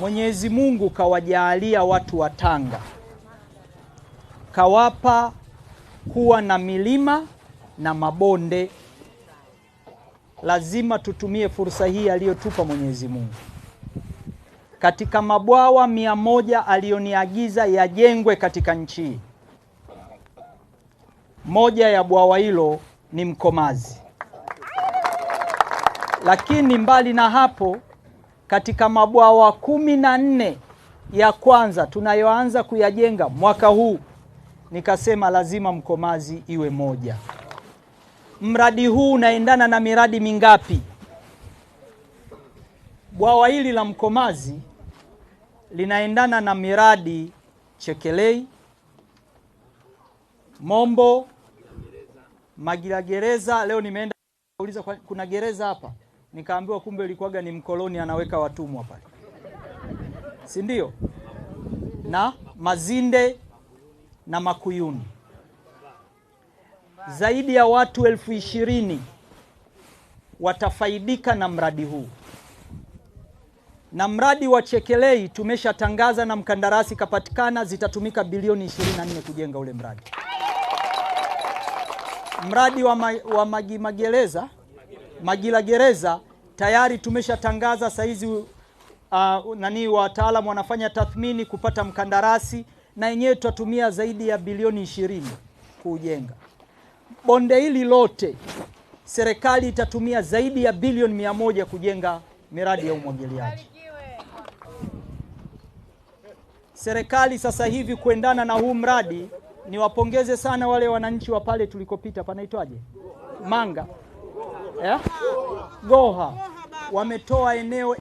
Mwenyezi Mungu kawajaalia watu wa Tanga, kawapa kuwa na milima na mabonde. Lazima tutumie fursa hii aliyotupa Mwenyezi Mungu. Katika mabwawa mia moja aliyoniagiza yajengwe katika nchi hii, moja ya bwawa hilo ni Mkomazi. Lakini mbali na hapo katika mabwawa kumi na nne ya kwanza tunayoanza kuyajenga mwaka huu, nikasema lazima Mkomazi iwe moja. Mradi huu unaendana na miradi mingapi? Bwawa hili la Mkomazi linaendana na miradi Chekelei, Mombo, Magila gereza. Leo nimeenda kuuliza kuna gereza hapa nikaambiwa kumbe ilikuwaga ni mkoloni anaweka watumwa pale, si ndio? Na Mazinde na Makuyuni, zaidi ya watu elfu ishirini watafaidika na mradi huu. Na mradi wa Chekelei tumeshatangaza na mkandarasi kapatikana, zitatumika bilioni 24 kujenga ule mradi. Mradi wa, ma, wa magi magereza Magila gereza tayari tumeshatangaza saizi uh, nani wataalamu wanafanya tathmini kupata mkandarasi na yenyewe tutatumia zaidi ya bilioni ishirini kuujenga bonde hili lote. Serikali itatumia zaidi ya bilioni mia moja kujenga miradi ya umwagiliaji. Serikali sasa hivi kuendana na huu mradi, niwapongeze sana wale wananchi wa pale tulikopita, panaitwaje Manga eh? Goha wametoa eneo